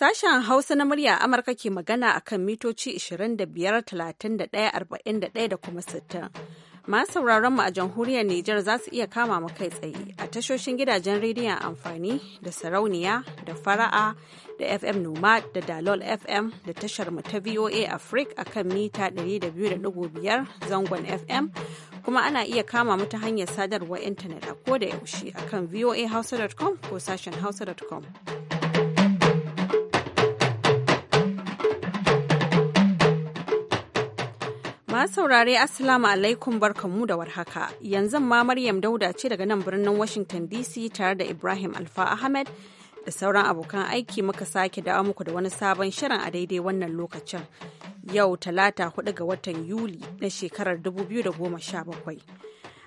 Sashen Hausa na murya Amurka ke magana a kan mitoci 25,31,41 da kuma 60. Masu sauraron mu a jamhuriyar Nijar za su iya kama mu kai tsaye a tashoshin gidajen rediyon amfani da sarauniya da fara'a da FM Noma da Dalol FM da tashar mu ta VOA Africa a kan mita 200.5 zangon FM kuma ana iya kama mu ta hanyar sadarwar intanet a koda yaushe a kan voahausa.com ko sashen hausa.com. ma saurare Assalamu alaikum barkamu da warhaka. Yanzu ma Maryam Dauda ce daga nan birnin Washington DC tare da Ibrahim Alfa Ahmed da sauran abokan aiki muka sake dawo muku da wani sabon shirin a daidai wannan lokacin. Yau talata 4 ga watan Yuli na shekarar 2017.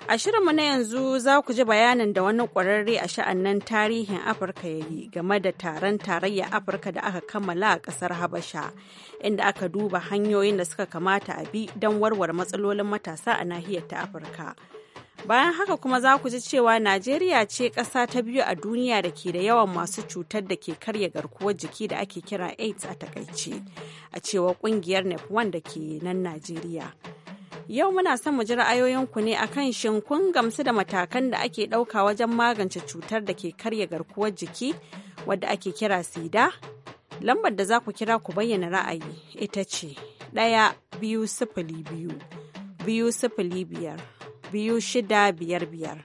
A shirinmu na yanzu za ku ji bayanin da wani ƙwararre a sha'annan tarihin Afirka ya yi game da taron tarayya Afirka da aka kammala a ƙasar Habasha, inda aka duba hanyoyin da suka kamata a bi don warware matsalolin matasa a nahiyar ta Afirka. Bayan haka kuma za ku ji cewa Najeriya ce ƙasa ta biyu a duniya da ke da yawan masu cutar da ke karya garkuwar jiki da ake kira AIDS a takaice, a cewar ƙungiyar e NEP da ke nan Najeriya. Yau muna son mu ji ra'ayoyinku ne akan shin kun gamsu da matakan da ake ɗauka wajen magance cutar da ke karya garkuwar jiki wadda ake kira sida? Lambar da za ku kira ku bayyana ra'ayi ita ce ɗaya biyu sifili biyu biyu sifili biyar biyu shida biyar biyar.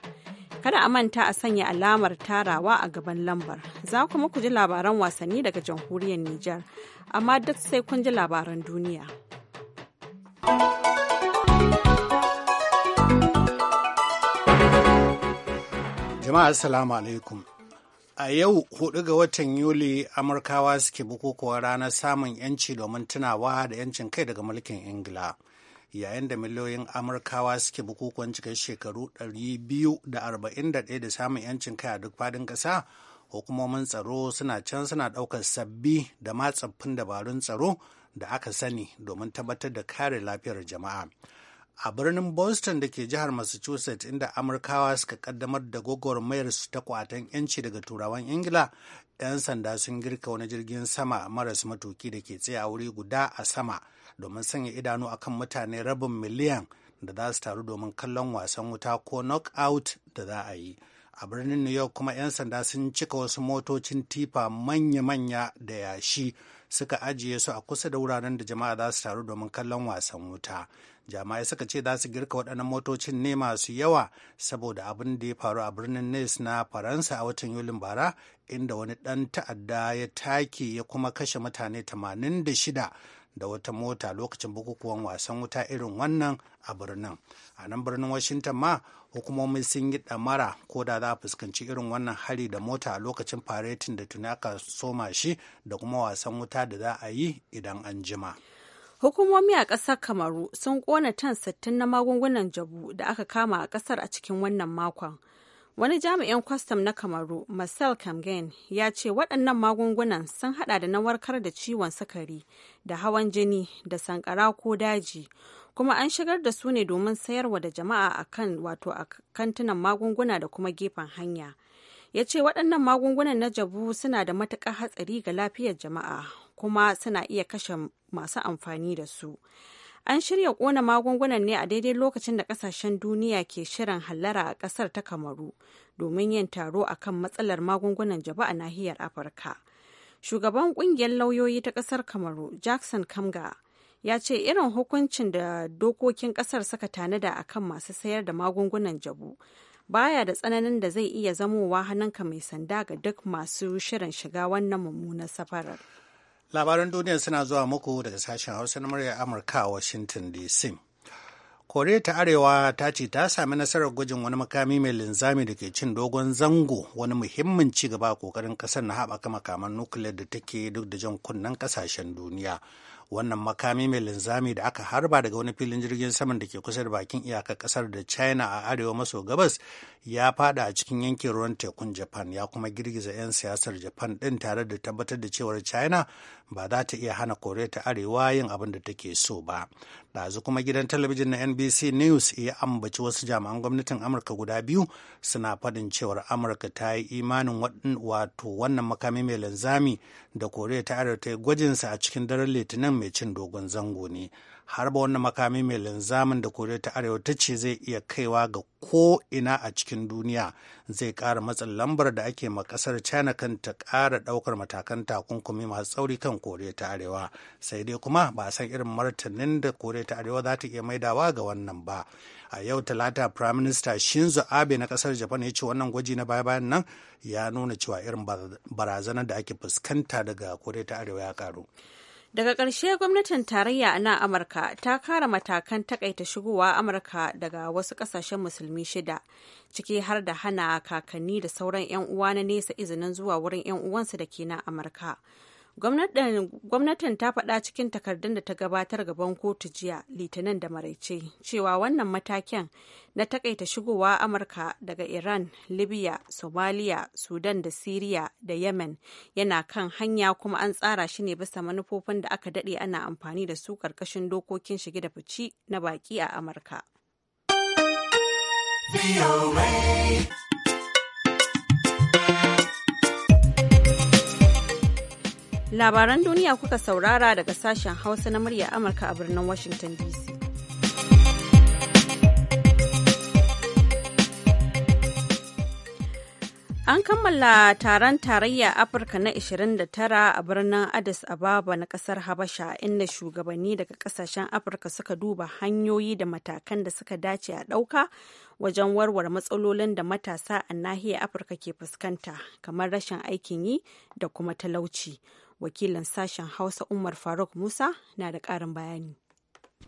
Kada a manta a sanya alamar tarawa a gaban lambar. Za kuma ku ji labaran wasanni daga jamhuriyar Nijar, amma duk sai kun ji labaran duniya. thank you Jama'a Assalamu alaikum. A yau hudu ga watan Yuli Amurkawa suke bukukuwa ranar samun 'yanci domin tunawa da 'yancin kai daga mulkin Ingila. Yayin da miliyoyin Amurkawa suke bukukuwan cikar shekaru 241 da samun 'yancin kai a duk fadin ƙasa, hukumomin tsaro suna can suna ɗaukar sabbi da matsaffin dabarun tsaro da aka sani domin tabbatar da kare lafiyar jama'a. a birnin Boston da ke jihar Massachusetts inda Amurkawa suka kaddamar da gwagwarmayar su ta kwatan 'yanci daga turawan Ingila, 'yan sanda sun girka wani jirgin sama maras matuki da ke tsaye a wuri guda a sama domin sanya idanu akan mutane rabin miliyan da za su taru domin kallon wasan wuta ko knockout da za a yi. a birnin new york kuma 'yan sanda sun cika wasu motocin tifa manya-manya da yashi suka ajiye su a kusa da wuraren da jama'a za su taru domin kallon wasan wuta jama'ai suka ce za su girka waɗannan motocin ne masu yawa saboda abin da ya faru a birnin nice na faransa a watan yulin bara inda wani ɗan ta'adda ya take ya kuma kashe mutane 86 da wata mota lokacin bukukuwan wasan wuta irin wannan a birnin a nan birnin washington ma hukumomi sun yi ɗamara ko da za a fuskanci irin wannan hari da mota a lokacin faretin da tuni aka soma shi da kuma wasan wuta da za a yi idan an jima. Hukumomi a ƙasar Kamaru sun ƙona tan 60 na magungunan jabu da aka kama a ƙasar a cikin wannan makon. Wani jami'in kwastam na Kamaru, Marcel Kamgen, ya ce waɗannan magungunan sun haɗa da na warkar da ciwon sukari da hawan jini da sankara ko daji kuma an shigar da su ne domin sayarwa da jama'a a kan wato a kantunan magunguna da kuma gefen hanya ya ce waɗannan magungunan na jabu suna da matuƙar hatsari ga lafiyar jama'a kuma suna iya kashe masu amfani da su an shirya ƙona magungunan ne a daidai lokacin da ƙasashen duniya ke shirin hallara a ƙasar ta kamaru domin yin taro a kan matsalar magungunan jabu a nahiyar afirka shugaban ƙungiyar lauyoyi ta ƙasar kamaru jackson kamga ya ce irin hukuncin da dokokin kasar suka tanada a kan masu sayar da magungunan jabu baya da tsananin da zai iya zamowa hannunka mai sanda ga duk masu shirin shiga wannan mummunan safarar. labaran duniya suna zuwa muku daga sashen hausa na murya amurka a washington dc koriya ta arewa ta ce ta sami nasarar gwajin wani makami mai linzami da ke cin dogon zango wani muhimmin ci gaba a kokarin kasar na haɓaka makaman nukiliyar da take duk da jan kunnen kasashen duniya wannan makami mai linzami da aka harba daga wani filin jirgin saman da ke kusa da bakin iyakar kasar da china a arewa maso gabas ya fada a cikin yankin ruwan tekun japan ya kuma girgiza 'yan siyasar japan din tare da tabbatar da cewar china ba za ta iya hana koriya ta arewa yin abin da take so ba ɗazu kuma gidan talabijin na nbc news ya ambaci wasu jami'an gwamnatin amurka guda biyu suna faɗin cewar amurka ta yi imanin wato wannan makami mai linzami da koriya ta arewa ta yi gwajinsa a cikin daren litinin mai cin dogon zango ne harba wannan makami mai linzamin da koriya ta arewa ta ce zai iya kaiwa ga ko ina a cikin duniya zai ƙara matsin lambar da ake ma ƙasar china kan ta ƙara ɗaukar matakan takunkumi masu tsauri kan koriya ta arewa sai dai kuma ba a san irin martanin da koriya ta arewa za ta iya maidawa ga wannan ba a yau talata prime minister shinzo abe na kasar japan ya ce wannan gwaji na baya bayan nan ya nuna cewa irin barazanar da ake fuskanta daga koriya ta arewa ya karu Daga ƙarshe gwamnatin tarayya na Amurka ta kara matakan takaita shigowa Amurka daga wasu ƙasashen musulmi shida, ciki har da hana kakanni da sauran 'yan uwa na nesa izinin zuwa wurin 'yan uwansu da ke na Amurka. Gwamnatin ta faɗa cikin takardun da ta gabatar gaban kotu jiya litinin da maraice cewa wannan matakin na takaita shigowa Amurka daga Iran, Libya, Somalia, Sudan da Siriya da Yemen yana kan hanya kuma an tsara shi ne bisa manufofin da aka daɗe ana amfani da su ƙarƙashin dokokin shige da fici na baƙi a Amurka. Labaran duniya kuka saurara daga sashen Hausa na murya Amurka a birnin Washington DC. An kammala taron tarayya Afirka na 29 a birnin Addis Ababa na kasar Habasha inda shugabanni daga kasashen Afirka suka duba hanyoyi da matakan da suka dace a ɗauka wajen warware matsalolin da matasa a nahiyar Afirka ke fuskanta kamar rashin aikin yi da kuma talauci. wakilin sashen hausa umar faruk musa na da ƙarin bayani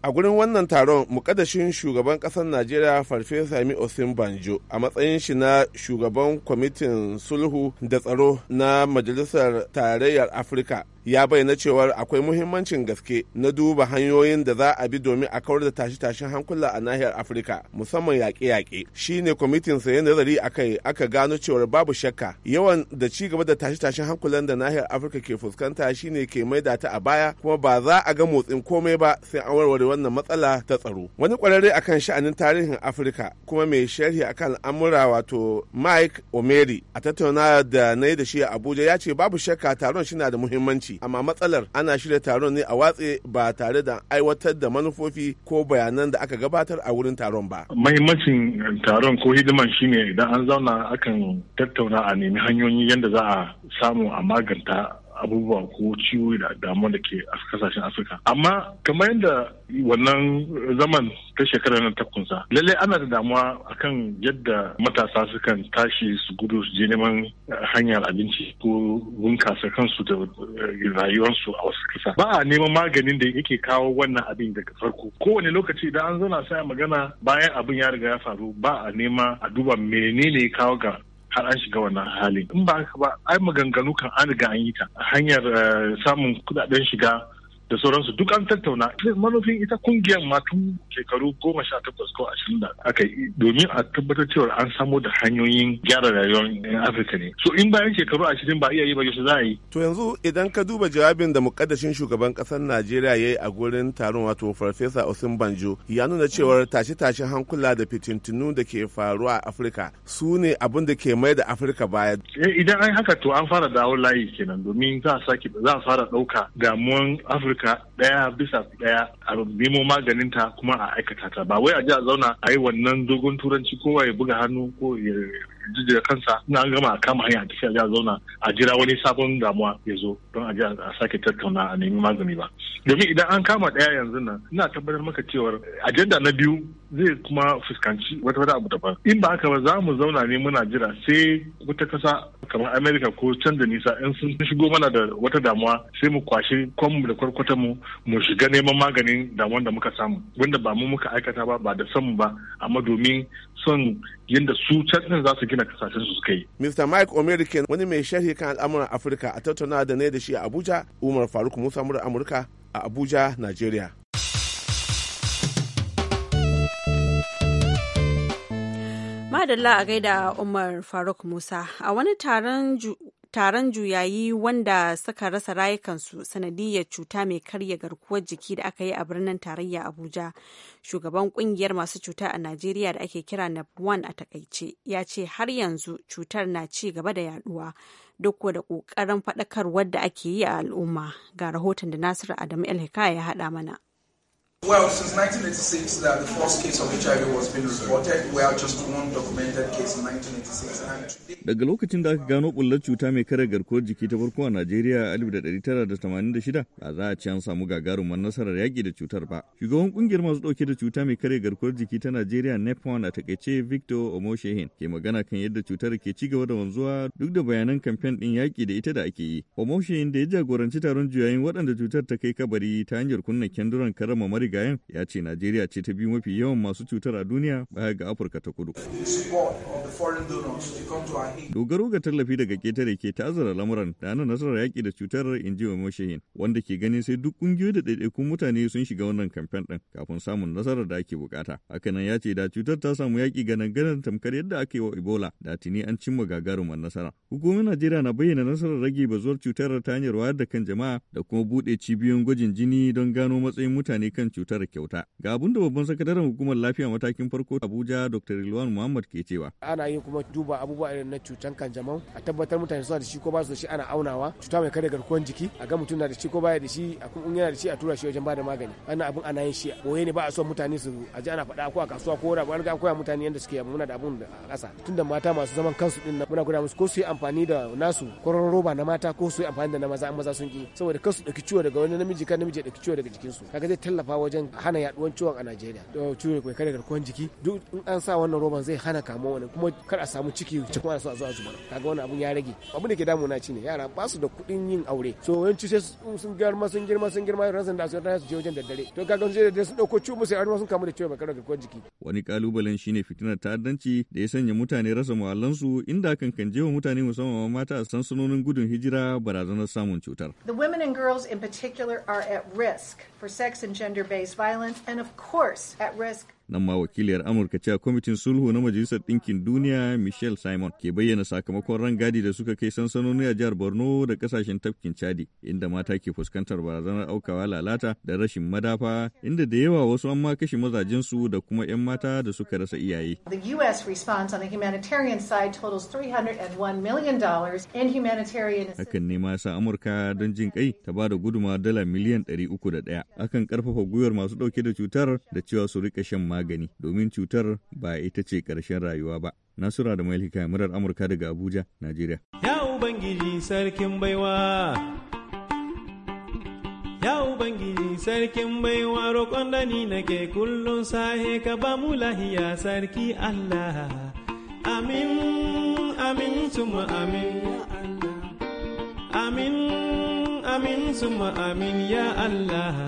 a gurin wannan taron mukaddashin shugaban kasar najeriya farfesa mi osin banjo a matsayin shi na shugaban kwamitin sulhu da tsaro na majalisar tarayyar afirka ya bayyana cewar akwai muhimmancin gaske na duba hanyoyin da za a bi domin a kawar da tashe-tashen hankula a nahiyar afirka musamman yaƙe-yaƙe Shi ne kwamitin sayen nazari akai aka gano cewar babu shakka yawan da ci gaba da tashe-tashen hankulan da nahiyar afirka ke fuskanta shine ke maida ta a baya kuma ba za a ga motsin komai ba sai an warware wannan matsala ta tsaro wani kwararre akan sha'anin tarihin afirka kuma mai sharhi akan al'amura wato mike omeri a tattauna da na da shi a abuja ya ce babu shakka taron shi na da muhimmanci ce amma matsalar ana shirya taron ne a watse ba tare da aiwatar da manufofi ko bayanan da aka gabatar a wurin taron ba. Mahimmancin taron ko hidiman shine idan an zauna akan tattauna a nemi hanyoyi yadda za a samu a maganta abubuwa ko ciwo da damuwa da ke a kasashen afirka amma kamar yadda wannan zaman ta shekara nan ta kunsa lallai ana da damuwa akan yadda matasa sukan tashi su gudu su je neman eh, hanyar abinci ko bunkasa kansu da eh, rayuwarsu a wasu kasa ba a neman maganin da yake kawo wannan abin daga farko kowane lokaci idan an zauna sai magana bayan abin ya riga ya faru ba a nema a duba menene ya kawo ga har an shiga wannan halin in ba haka ba ai maganganu kan an riga an yi ta hanyar eh, samun kudaden shiga da sauransu duk an tattauna manufin ita kungiyar ma tun shekaru goma sha takwas ko ashirin da aka yi domin a tabbatar cewa an samo da hanyoyin gyara rayuwar afirka ne so in bayan shekaru ashirin ba iya yi ba yaushe za a yi. to yanzu idan ka duba jawabin da mukaddashin shugaban kasar najeriya ya yi a gurin taron wato farfesa osin banjo ya nuna cewar tashe-tashen hankula da fitintinu da ke faruwa a afirka su ne abin da ke mai da afirka baya. Eh, idan an haka to an fara dawo layi kenan domin za a sake za a fara ɗauka damuwan afirka Ka ɗaya bisa ɗaya a nemo maganin ta kuma a aikata ta ba wai a je a zauna a yi wannan dogon turanci kowa ya buga hannu ko ya jijjira kansa na an gama kama hanya tafiya ya zauna a jira wani sabon damuwa ya zo don a a sake tattauna a nemi magani ba domin idan an kama daya yanzu nan ina tabbatar maka cewar ajanda na biyu zai kuma fuskanci wata wata abu daban in ba haka ba za mu zauna ne muna jira sai wata kasa kamar america ko canza da nisa in sun shigo mana da wata damuwa sai mu kwashe kwanmu da kwarkwata mu mu shiga neman maganin damuwan da muka samu wanda ba mu muka aikata ba ba da son ba amma domin son yadda su can za su gina kasashen su suka yi. Mr. Mike Omeriken wani mai sharhi kan al'amuran Afirka a tattauna da ne da shi a Abuja, Umar Faruk Musa Mura Amurka a Abuja, Najeriya. Madalla a gaida Umar Faruk Musa a wani taron taron juyayi wanda suka rasa rayukansu sanadiyar cuta mai karya garkuwar jiki da aka yi a birnin tarayya abuja shugaban kungiyar masu cuta a najeriya da ake kira nap1 a takaice ya ce har yanzu cutar na ci gaba da yaduwa duk da ƙoƙarin faɗakarwar da ake yi a al'umma ga rahoton da nasiru adamu el ya haɗa mana Well, since 1986 that the first case of HIV was being reported, we have just one documented case in 1986 Daga lokacin da aka gano bullar cuta mai kare garkuwar jiki ta farko a Najeriya a 1986, ba za a ci an samu gagarumar nasarar yaƙi da cutar ba. Shugaban kungiyar masu ɗauke da cuta mai kare garkuwar jiki ta Najeriya e NEPON a takaice Victor Omoshehin ke magana kan yadda cutar ke ci gaba da wanzuwa duk da bayanan kamfen ɗin yaƙi da ita da ake yi. Omoshehin da ya jagoranci taron juyayin waɗanda cutar ta kai kabari ta hanyar kunna kenduran karama mari marigayin ya ce Najeriya ce ta biyu mafi yawan masu cutar a duniya baya ga Afirka ta kudu. Dogaro ga tallafi daga ketare ke tazara lamuran da ana nasarar yaƙi da cutar inji wa mashahin wanda ke ganin sai duk ƙungiyoyi da ɗaiɗaikun mutane sun shiga wannan kamfen ɗin kafin samun nasarar da ake buƙata Hakanan ya ce da cutar ta samu yaƙi ga ganan tamkar yadda aka yi wa Ebola da tuni an cimma gagarumar nasara. Hukumomin Najeriya na bayyana nasarar rage bazuwar cutar ta hanyar wayar da kan jama'a da kuma buɗe cibiyoyin gwajin jini don gano matsayin mutane kan cutar. cutar kyauta. Ga abin da babban sakataren hukumar lafiya matakin farko Abuja Dr. Rilwan Muhammad ke cewa. Ana yin kuma duba abubuwa irin na cutan kanjamau a tabbatar mutane suna da shi ko ba su da shi ana aunawa cuta mai kare garkuwar jiki a ga mutum na da shi ko baya da shi a in yana da shi a tura shi wajen bada magani. Wannan abin ana yin shi boye ne ba a so mutane su aje ana faɗa ko a kasuwa ko wani an ga koya mutane yadda suke muna da abun a ƙasa tunda mata masu zaman kansu din nan muna gwada musu ko su yi amfani da nasu kwaron roba na mata ko su yi amfani da na maza an maza sun ki saboda kansu ɗauki ciwo daga wani namiji kan namiji ya ɗauki ciwo daga jikinsu kaga zai tallafa wajen hana yaduwan ciwon a Najeriya to ciwo kai kare garkuwan jiki duk in an sa wannan roban zai hana kamuwa wani kuma kar a samu ciki cikin ana so a zo a zubar kaga wannan abun ya rage abun da ke damuna ci ne yara ba su da kuɗin yin aure so yanci sai sun girma sun girma sun girma ran san da su su je wajen daddare to kaga sun da sun dauko ciwo sai an sun kamu da ciwo mai kare garkuwan jiki wani kalubalen shine fitinar ta'addanci da ya sanya mutane rasa muhallansu inda kan kan jewa mutane musamman mata a sansanonin gudun hijira barazanar samun cutar the women and girls in particular are at risk for sex and gender based violence, and of course, at risk nan ma wakiliyar amurka cewa kwamitin sulhu na majalisar ɗinkin duniya michelle simon ke bayyana sakamakon rangadi da suka kai sansanoni a jihar borno da kasashen tafkin chadi inda mata ke fuskantar barazanar aukawa lalata da rashin madafa inda da yawa wasu an ma kashe mazajensu da kuma 'yan mata da suka rasa iyaye the us response on the humanitarian side totals 301 million dollars in humanitarian hakan ne ma sa amurka don jin kai ta ba da guduma dala miliyan 301 akan karfafa gwiwar masu dauke da cutar da cewa su rika shan magani magani domin cutar ba ita ce ƙarshen rayuwa ba. Nasura da Malika murar Amurka daga Abuja, Najeriya. Ya Ubangiji sarkin baiwa. Ya Ubangiji sarkin baiwa roƙon da ni nake kullum sahe ka ba mu lahiya sarki Allah. Amin, amin, suma amin. Amin, amin, suma amin ya Allah.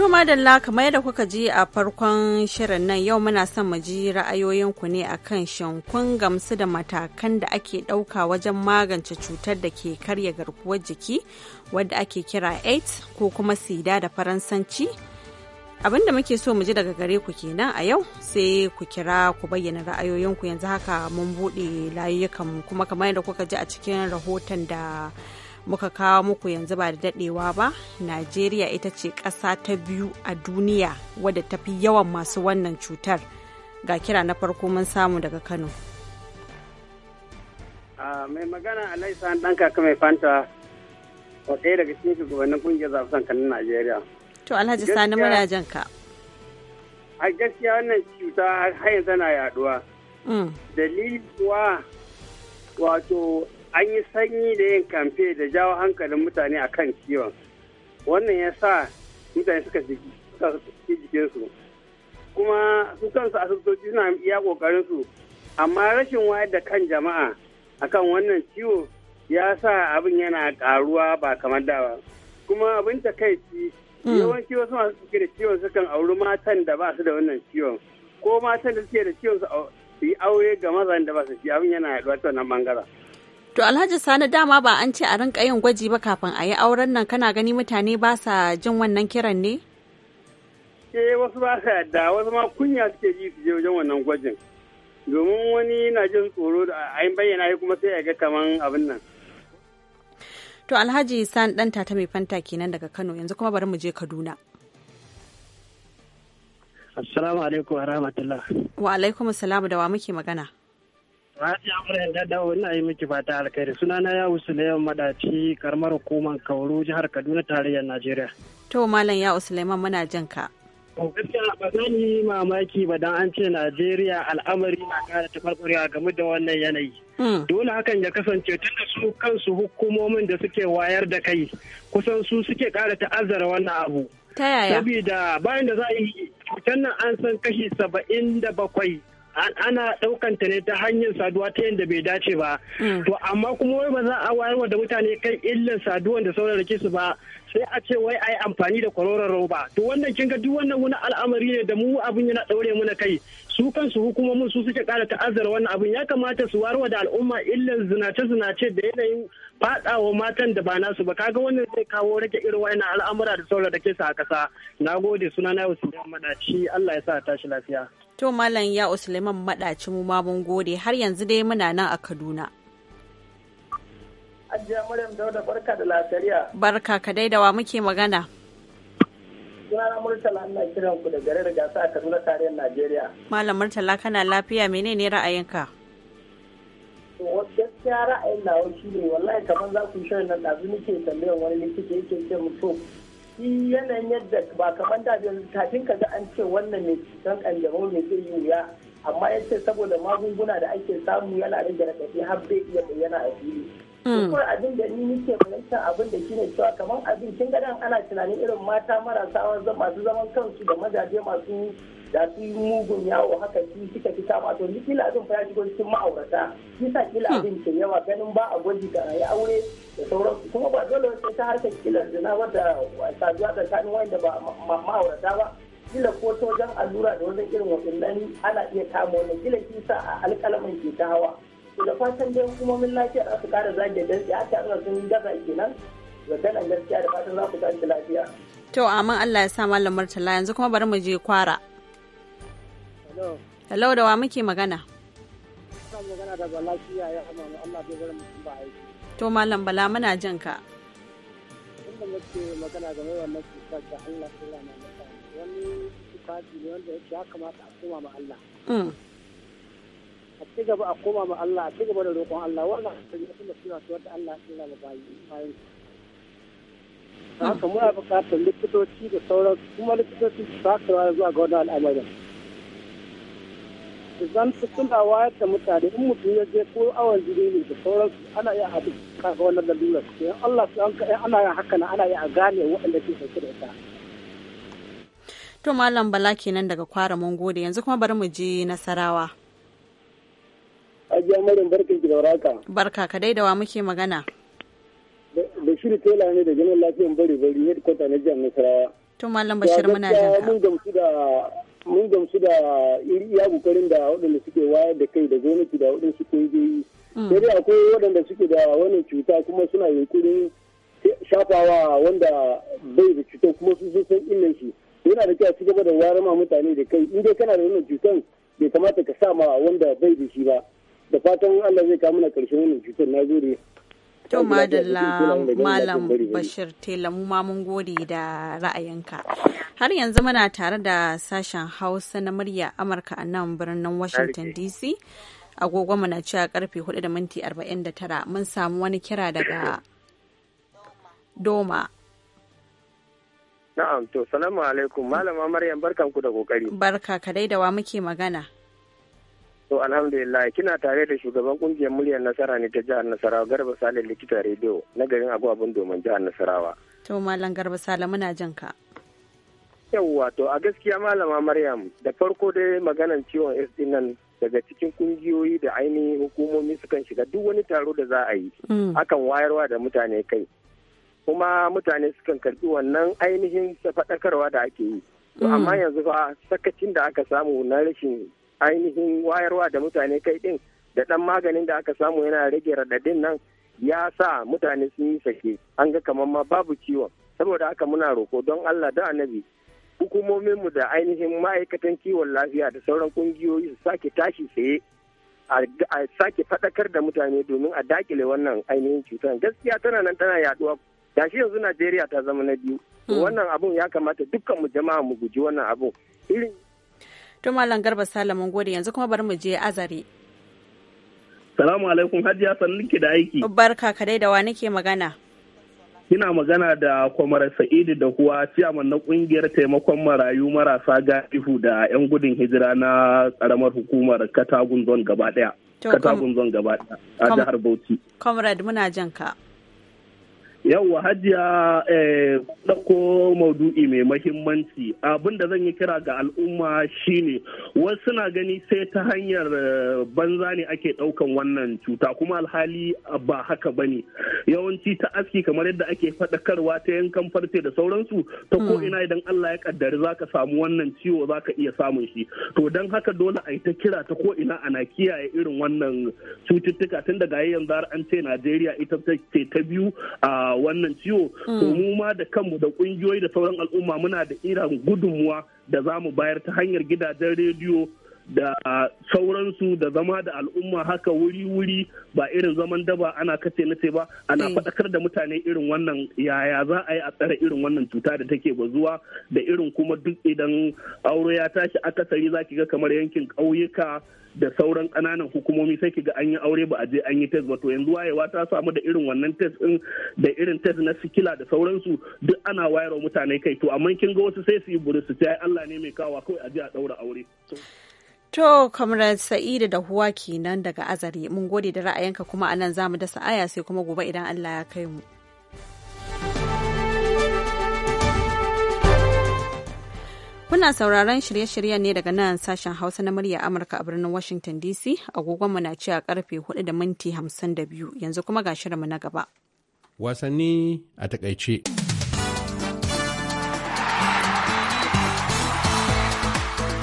To madalla kamar yadda kuka ji a farkon shirin nan yau muna son mu ji ra'ayoyinku ne akan shankun gamsu da matakan da ake ɗauka wajen magance cutar da ke karya garkuwar jiki wadda ake kira AIDS ko kuma sida da faransanci. Abin da muke so mu ji daga gare ku kenan a yau sai ku kira ku bayyana ra'ayoyinku yanzu haka mun buɗe layukan kuma kamar yadda kuka ji a cikin rahoton da muka kawo muku yanzu ba da daɗewa ba najeriya ita ce ƙasa ta biyu a duniya wadda ta fi yawan masu wannan cutar ga kira na farko mun samu daga kano ah, mai magana laisa ɗan kaka mai fanta ko ɗaya daga cikin shugabannin kungiyar zafisan kanin najeriya to alhaji sani muna jan ka a gaskiya wannan cuta har yanzu na yaduwa mm. dalili kuwa wato an yi sanyi da yin kamfe da jawo hankalin mutane a kan ciwon wannan ya sa mutane suka ji jikinsu kuma su kansu asibitoci suna iya kokarin su amma rashin wayar da kan jama'a akan wannan ciwo ya sa abin yana karuwa ba kamar da ba kuma abin ta ci mm. yawanci wasu masu suke da ciwon sukan auri matan da ba su da wannan ciwon ko matan da suke da ciwon su yi aure ga mazan da ba su ci abin yana yaduwa ta wannan bangaren To Alhaji Sani dama ba an ce a rinka yin gwaji ba kafin a yi auren nan kana gani mutane ba sa jin wannan kiran ne? Ke eh, wasu ba sa yadda wasu ma kunya suke ji su je wajen wannan gwajin. Domin wani na jin tsoro da a bayyana ya kuma sai a ga kaman abin nan. To Alhaji Sani ɗan tata mai fanta kenan daga Kano yanzu kuma bari mu je Kaduna. Assalamu alaikum wa rahmatullah. Wa alaikum assalamu da wa muke magana. Rafi Amurka da wani ina yi miki fata alkhairi sunana ya Suleiman Madaci karamar hukumar Kauru jihar Kaduna tarayyar Najeriya. To Malam ya Suleiman muna jin ka. gaskiya ba zan yi mamaki ba dan an ce Najeriya al'amari na kara tafarkurewa game da wannan yanayi. Hmm. Dole hakan ya kasance tun da su kansu hukumomin da suke wayar da kai kusan su suke kara ta'azzara wannan abu. Ta yaya? Sabida bayan da za a yi cutar nan an san kashi saba'in da bakwai ana ta ne ta hanyar saduwa ta yadda bai dace ba mm. to amma kuma wai ba za a wayarwa da mutane kan illan saduwan da sauran rake ba sai a ce wai a yi amfani da kwaroron roba to wannan kinga duk wannan wani al'amari ne da mu abin yana ɗaure muna kai su kansu hukumomin su suke kara ta'azzara wannan abin ya kamata su warwa da al'umma illan zinace-zinace da yanayin faɗawa matan da ba nasu ba kaga wannan zai kawo rage irin wayannan al'amura da sauran da a ƙasa na gode sunana yau su madaci Allah ya sa tashi lafiya. To Malam ya Suleiman maɗaci mu ma mun gode har yanzu dai muna nan a Kaduna. Ajiya Maryam Dauda barka da lafiya. Barka ka dai da wa muke magana. Sunana Murtala ina kiran ku da garin gasa a Kaduna tarayyar Najeriya. Malam Murtala kana lafiya menene ra'ayinka? gaskiya ra'ayin na wasu ne wallahi kamar za ku shirin nan ɗazu nake tambayar wani likita yake ce mutum shi yanayin yadda ba kamar da yanzu kafin ka ga an ce wannan mai cutar kanjamau ne zai yi wuya amma ya ce saboda magunguna da ake samu yana rage raɗaɗi har bai iya bayyana a fili hmm. kuma abin da ni nake fahimtar abin da ne cewa kamar abin kin gadan ana tunanin irin mata marasa masu zaman kansu da mazaje masu da su mugun yawo haka su suka fi kama to ni kila abin fa ya shigo cikin ma'aurata sa kila hmm. abin ke yawa ganin ba a gwaji da ya aure da sauran kuma ba dole sai ta harka kila zina wadda saduwa tsakanin wanda ba ma'aurata ba kila ko ta wajen allura da wajen irin waɗannan ana iya kama wannan kila kisa a alƙalamin ke ta hawa to da fatan dai hukumomin lafiya za su kara zage ya a tare sun gaza kenan zaton gaskiya da fatan za ku tashi lafiya. To amma Allah ya sa malam Murtala yanzu kuma bari mu je kwara. Hello da wa muke magana? magana Bala ya Allah bai mutum ba To Malam Bala muna jin ka. Inda magana game da Allah Wani ya kamata a koma ma Allah. Mm. A ci gaba a koma ma Allah, a ci gaba da roƙon Allah, wannan suna su wanda Allah buƙatar likitoci da sauran kuma likitoci su zuwa ga wannan al'amarin. zan su suna wayar da mutane in mutum ya je ko awon jini ne da sauransu ana iya haɗu kafa wannan lalurar yan Allah su an eh, ana yin haka na ana iya gane waɗanda ke sauke da ita. To Malam Bala kenan daga kwara mun gode yanzu kuma bari mu je Nasarawa. Ajiya Maryam barkin ki da waraka. Barka ka dai da wa muke magana. Bashir Tela ne da ganin lafiyan bari bari headquarter na jihar Nasarawa. To Malam Bashir muna jin ka. Mun gamsu da mun gamsu da iri iya kokarin da waɗanda suke wayar da kai da gwamnati da waɗanda suke yi mm. sai dai akwai waɗanda suke da wannan cuta kuma suna yunkurin shafawa wanda bai da cutar kuma su san illan shi yana da kyau su gaba da wayar ma mutane da kai in dai kana da wannan cutar bai kamata ka sa ma wanda bai da shi ba da fatan Allah zai kawo mana karshen wannan cutar na gode. To madalla Malam Bashir Tela mu ma mun gode da ra'ayinka. Har yanzu muna tare da sashen Hausa na murya Amurka a nan birnin Washington DC. Agogo mu na cewa karfe 4 da minti 49 mun samu wani kira daga Doma. Na'am to salamu alaikum Malama Maryam barkanku da kokari. Barka kadai da wa muke magana. To alhamdulillah kina tare da shugaban kungiyar muryar nasara ne ta jihar Nasarawa Garba Sale likita rediyo na garin Agwabin Domin jihar Nasarawa. To Malam Garba Sale muna jin ka. Yawwa to a gaskiya Malama Maryam da farko dai maganan ciwon AIDS din nan daga cikin kungiyoyi da ainihin hukumomi sukan shiga duk wani taro da za a yi mm. akan wayarwa da mutane kai kuma mutane sukan karbi wannan ainihin faɗakarwa da ake yi mm. amma yanzu fa sakacin da aka samu na rashin ainihin wayarwa da mutane kai din da ɗan maganin da aka samu yana rage radadin nan ya sa mutane sun yi sake an ga kamar ma babu ciwon saboda haka muna roko don Allah da annabi hukumominmu da ainihin ma'aikatan kiwon lafiya da sauran kungiyoyi su sake tashi tsaye a sake faɗakar da mutane domin a dakile wannan ainihin cutar gaskiya tana nan tana yaduwa gashi yanzu Najeriya ta zama na biyu hmm. wannan abun ya kamata dukkan mu jama'a mu guji wannan abun irin to malam garba salamun gode yanzu kuma bari mu je azare salamu alaikum hajiya sannin ki da aiki barka ka dai da wa nake magana ina magana da kwamar sa'idu da kuwa ciyaman na kungiyar taimakon marayu marasa galihu da 'yan gudun hijira na karamar hukumar katagun zon gaba daya katagun zon gaba daya a jihar bauchi comrade muna jan ka yawwa hajiya eh, ɗauko maudu'i mai mahimmanci abin da zan yi kira ga al'umma shine wasu na gani sai ta hanyar eh, banza ne ake ɗaukan wannan cuta kuma alhali ba haka bane yawanci ta aski kamar yadda ake faɗakarwa ta yankan farce da sauransu ta hmm. ko ina idan Allah ya kaddari zaka samu wannan ciwo zaka iya samun shi to don haka dole a yi ta kira ta ko ina ana kiyaye irin wannan cututtuka tun daga yanzu har an ce Najeriya ita ce ta biyu a ah, wannan ciwo to hmm. mu ma da kanmu da kungiyoyi da sauran al'umma muna da irin gudunmuwa da za mu bayar ta hanyar gidajen rediyo da sauransu da zama da al'umma haka wuri-wuri ba irin zaman daba ana kace nace ba ana mm. faɗakar da mutane irin wannan yaya za a yi a tsare irin wannan cuta da take bazuwa da irin kuma duk idan aure ya tashi akasari za ki ga kamar yankin ƙauyuka da sauran ƙananan hukumomi sai ki ga an yi aure ba a je an yi test ba to yanzu wayewa ta samu da irin wannan test din da irin test na sikila da sauransu duk ana wayarwa mutane kai to amma kin ga wasu sai su yi burusu sai Allah ne mai kawa kawai a je a ɗaura aure. To, Comrade Sa'idu da huwa kenan daga Azare, mun gode da ra'ayinka kuma anan za mu dasa aya sai kuma gobe idan Allah ya kai mu. Kuna sauraron shirye-shiryen ne daga nan sashen Hausa na murya Amurka a birnin Washington DC, agogonmu na ci a karfe 4 da minti 52, yanzu kuma ga shirinmu na gaba. Wasanni a takaice.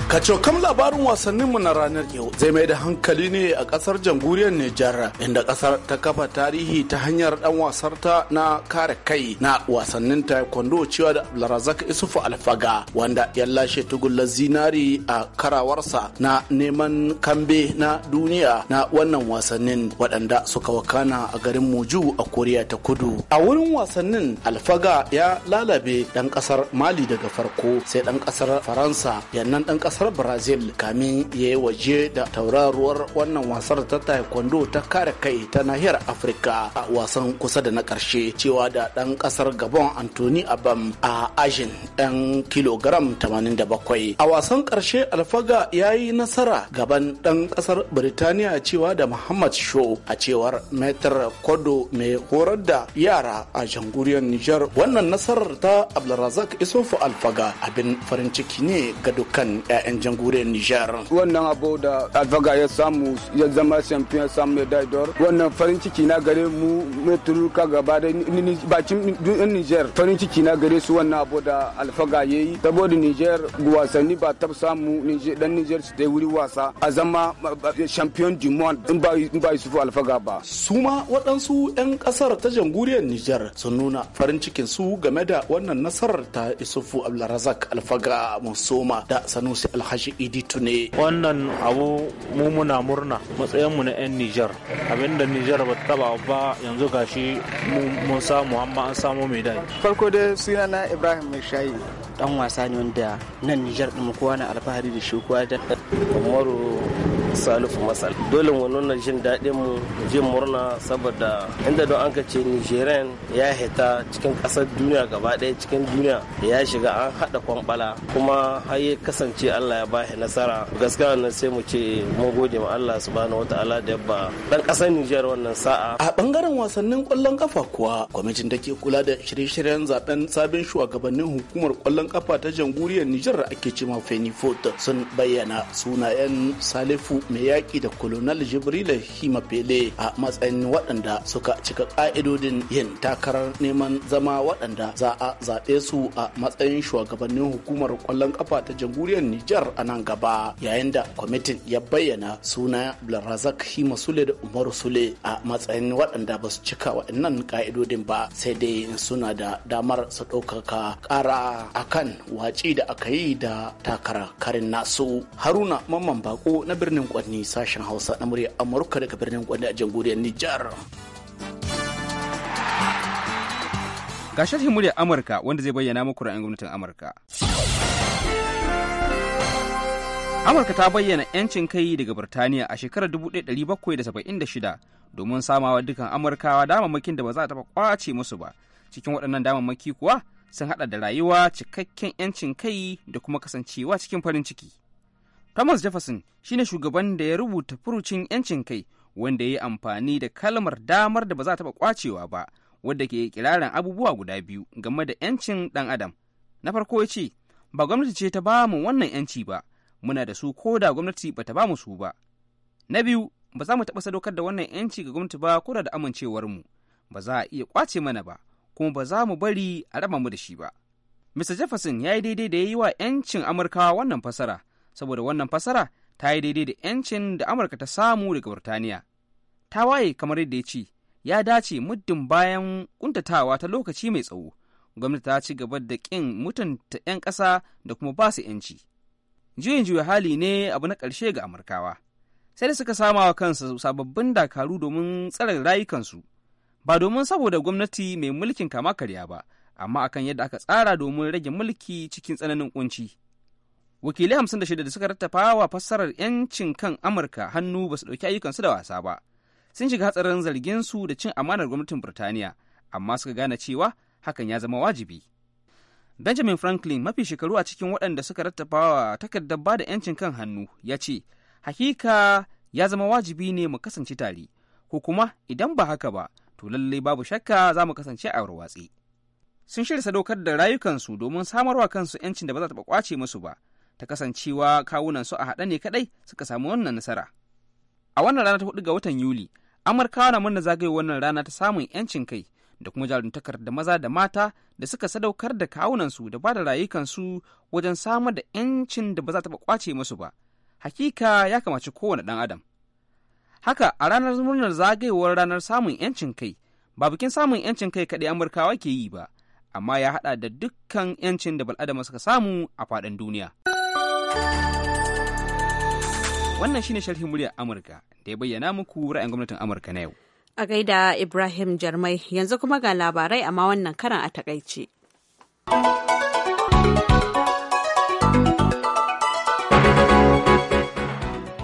kam labarin wasanninmu na ranar yau zai mai da hankali ne a kasar jamhuriyar Nijar inda kasar ta kafa tarihi ta hanyar dan wasarta na kare kai na wasannin taekwondo cewa da Abdulrazak Isufu Alfaga wanda ya lashe tugullar zinari a karawarsa na neman kambe na duniya na wannan wasannin waɗanda suka wakana a garin Muju a Koriya ta Kudu. A wurin wasannin Alfaga ya lalabe dan kasar Mali daga farko sai dan kasar Faransa yannan dan kasar kasar brazil kamin ya yi waje da tauraruwar wannan wasar ta taekwondo ta kare kai ta nahiyar afirka a wasan kusa da na karshe cewa da dan kasar gabon antoni abam a ajin dan kilogram 87 a wasan karshe alfaga ya yi nasara gaban dan kasar birtaniya cewa da muhammad show a cewar metar kodo mai horar da yara a jamhuriyar nijar wannan nasarar ta abdulrazak isofu alfaga abin farin ciki ne ga dukkan 'yan jamhuriyar Nijar. Wannan abu da Alfaga ya samu ya zama champion ya samu medal d'or wannan farin ciki na gare mu metru ka gaba da bakin yan Nijar farin ciki na gare su wannan abu da Alfaga ya yi saboda Nijar wasanni ba ta samu dan Nijar su dai wuri wasa a zama champion du monde in ba in ba Yusufu Alfaga ba. Su ma waɗansu 'yan ƙasar ta jamhuriyar Nijar sun nuna farin cikin su game da wannan nasarar ta Isufu Abdulrazak Alfaga Musoma da Sanusi alhaji idi tune wannan abu mu muna murna matsayinmu na 'yan nijar abinda nijar ba taba ba yanzu gashi mun samu amma an samu medali farko dai suna na ibrahim mai shayi dan wasa ne wanda nan nijar ɗin kowa na alfahari da shi kowa da salifu masal dole mu nuna jin daɗin mu jin murna saboda inda don an ce nigerian ya heta cikin ƙasar duniya gaba ɗaya cikin duniya ya shiga an haɗa kwamɓala kuma har ya kasance allah ya ba shi nasara gaskiya wannan sai mu ce mun gode ma allah subhanahu wataala da yabba dan ƙasar niger wannan sa'a a bangaren wasannin ƙwallon kafa kuwa kwamitin da ke kula da shirye-shiryen zaben sabon shugabannin hukumar ƙwallon kafa ta jamhuriyar niger ake cewa fenifort sun bayyana sunayen salifu mai yaƙi da colonel jibrila himafele a matsayin waɗanda suka cika ƙa'idodin yin takarar neman zama waɗanda za a zaɓe su a matsayin shugabannin hukumar ƙwallon ƙafa ta jamhuriyar nijar a nan gaba yayin da kwamitin ya bayyana suna Razak Hima Sule da Umaru Sule a matsayin waɗanda ba su cika waɗannan ƙa'idodin ba sai dai suna da damar su ɗaukaka ƙara akan waci da aka yi da takara karin nasu. Haruna Mamman Bako na birnin Kwanni sashen Hausa na murya Amurka daga birnin Kwanni a jamhuriyar Nijar. Ga sharhin muryar Amurka wanda zai bayyana muku ra'ayin gwamnatin Amurka. Amurka ta bayyana 'yancin kai daga Birtaniya a shekarar da 1776 domin samawa dukkan Amurkawa damammakin da ba za a taɓa kwace musu ba. Cikin waɗannan damammaki kuwa sun haɗa da rayuwa cikakken 'yancin kai da kuma kasancewa cikin farin ciki. Thomas Jefferson shine shugaban da ya rubuta furucin 'yancin kai wanda ya yi amfani da kalmar damar da ba za taɓa kwacewa ba wadda ke kiraran abubuwa guda biyu game da 'yancin ɗan adam. Na farko ya ce, ba gwamnati ce ta ba mu wannan 'yanci ba, muna da su ko da gwamnati ba ta ba mu su ba. Na biyu, ba za mu taɓa sadaukar da wannan 'yanci ga gwamnati ba ko da amincewarmu, ba za a iya kwace mana ba, kuma ba za mu bari a raba mu da shi ba. Mr. Jefferson ya yi daidai da ya yi wa 'yancin Amurkawa wannan fasara, saboda wannan fasara ta yi daidai da 'yancin da amurka ta samu daga burtaniya Ta waye kamar yadda ya ce ya dace muddin bayan ƙuntatawa ta lokaci mai tsawo gwamnati ta ci gaba da ƙin mutunta 'yan ƙasa da kuma ba su 'yanci juyin juya hali ne abu na ƙarshe ga amurkawa sai da suka sama wa kansu sababbin dakaru domin tsare rayukansu ba domin saboda gwamnati mai mulkin kama karya ba amma akan yadda aka tsara domin rage mulki cikin tsananin ƙunci. wakilai hamsin da shida da suka rattafa wa fassarar 'yancin kan amurka hannu ba su ɗauki ayyukansu da wasa ba sun shiga hatsarin zargin su da cin amanar gwamnatin birtaniya amma suka gane cewa hakan ya zama wajibi benjamin franklin mafi shekaru a cikin waɗanda suka rattafa wa takardar ba da 'yancin kan hannu ya ce hakika ya zama wajibi ne mu kasance tare ko kuma idan ba haka ba to lallai babu shakka za mu kasance a warwatse sun shirya sadaukar da rayukansu domin samarwa kansu 'yancin da ba za ta kwace musu ba ta kasancewa kawunan su a haɗe ne kaɗai suka samu wannan nasara. A wannan rana ta hudu ga watan Yuli, Amurkawa na murna zagayowar wannan rana ta samun 'yancin kai da kuma jaruntakar da maza da mata da suka sadaukar da kawunansu da ba da rayukansu wajen samar da 'yancin da ba za ta kwace musu ba. Hakika ya kamaci kowane ɗan adam. Haka a ranar murnar zagayowar ranar samun 'yancin kai, ba bikin samun 'yancin kai kaɗai Amurkawa ke yi ba, amma ya haɗa da dukkan 'yancin da bal'adama suka samu a faɗin duniya. Wannan shine sharhin muryar Amurka da ya bayyana muku ra'ayin gwamnatin Amurka na yau. A gaida Ibrahim Jarmai yanzu kuma ga labarai amma wannan karan a takaice.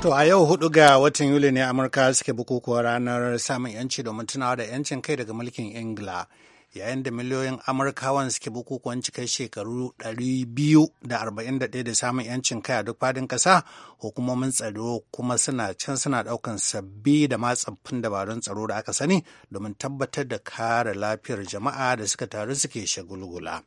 To a yau hudu ga watan Yuli ne Amurka suke bukukuwa ranar samun yanci domin tunawa da yancin kai daga mulkin Ingila. yayin da miliyoyin amurkawan suke bukukuwan cikar shekaru 241 da samun yancin kai a duk fadin ƙasa hukumomin tsaro kuma suna can suna ɗaukan sabbi da matsaffin dabarun tsaro da aka sani domin tabbatar da kare lafiyar jama'a da suka taru suke shagulgula.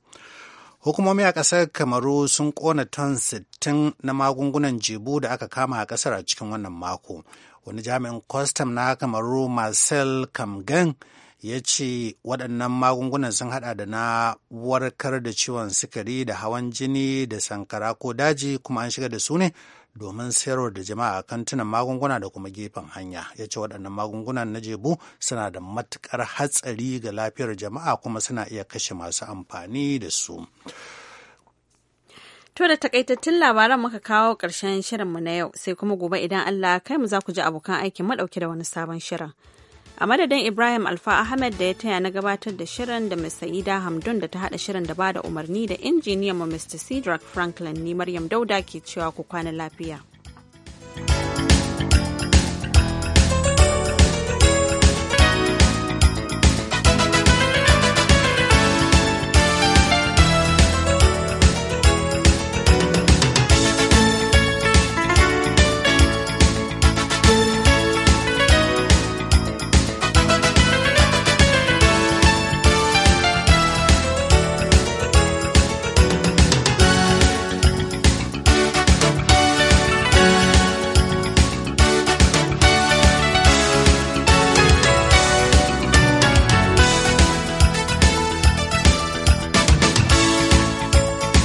hukumomi a ƙasar kamaru sun kona ton 60 na magungunan jebu da aka kama a ƙasar a cikin wannan mako wani jami'in kwastam na kamaru marcel kamgan ya ce waɗannan magungunan sun haɗa da na warkar da ciwon sukari da hawan jini da sankara ko daji kuma an shiga da su ne domin sayarwar da jama'a a kantunan magunguna da kuma gefen hanya ya ce waɗannan magungunan na jebu suna da matuƙar hatsari ga lafiyar jama'a kuma suna iya kashe masu amfani da su To da takaitattun labaran muka kawo ƙarshen mu na yau sai kuma gobe idan Allah kai mu za ku ji abokan aikin maɗauke da wani sabon shirin. a madadin ibrahim alfa ahmed da ya taya na gabatar da shirin da mr ida hamdun da ta hada shirin da ba da umarni da injiniyan mr cedric franklin ne maryam dauda ke cewa ku kwana lafiya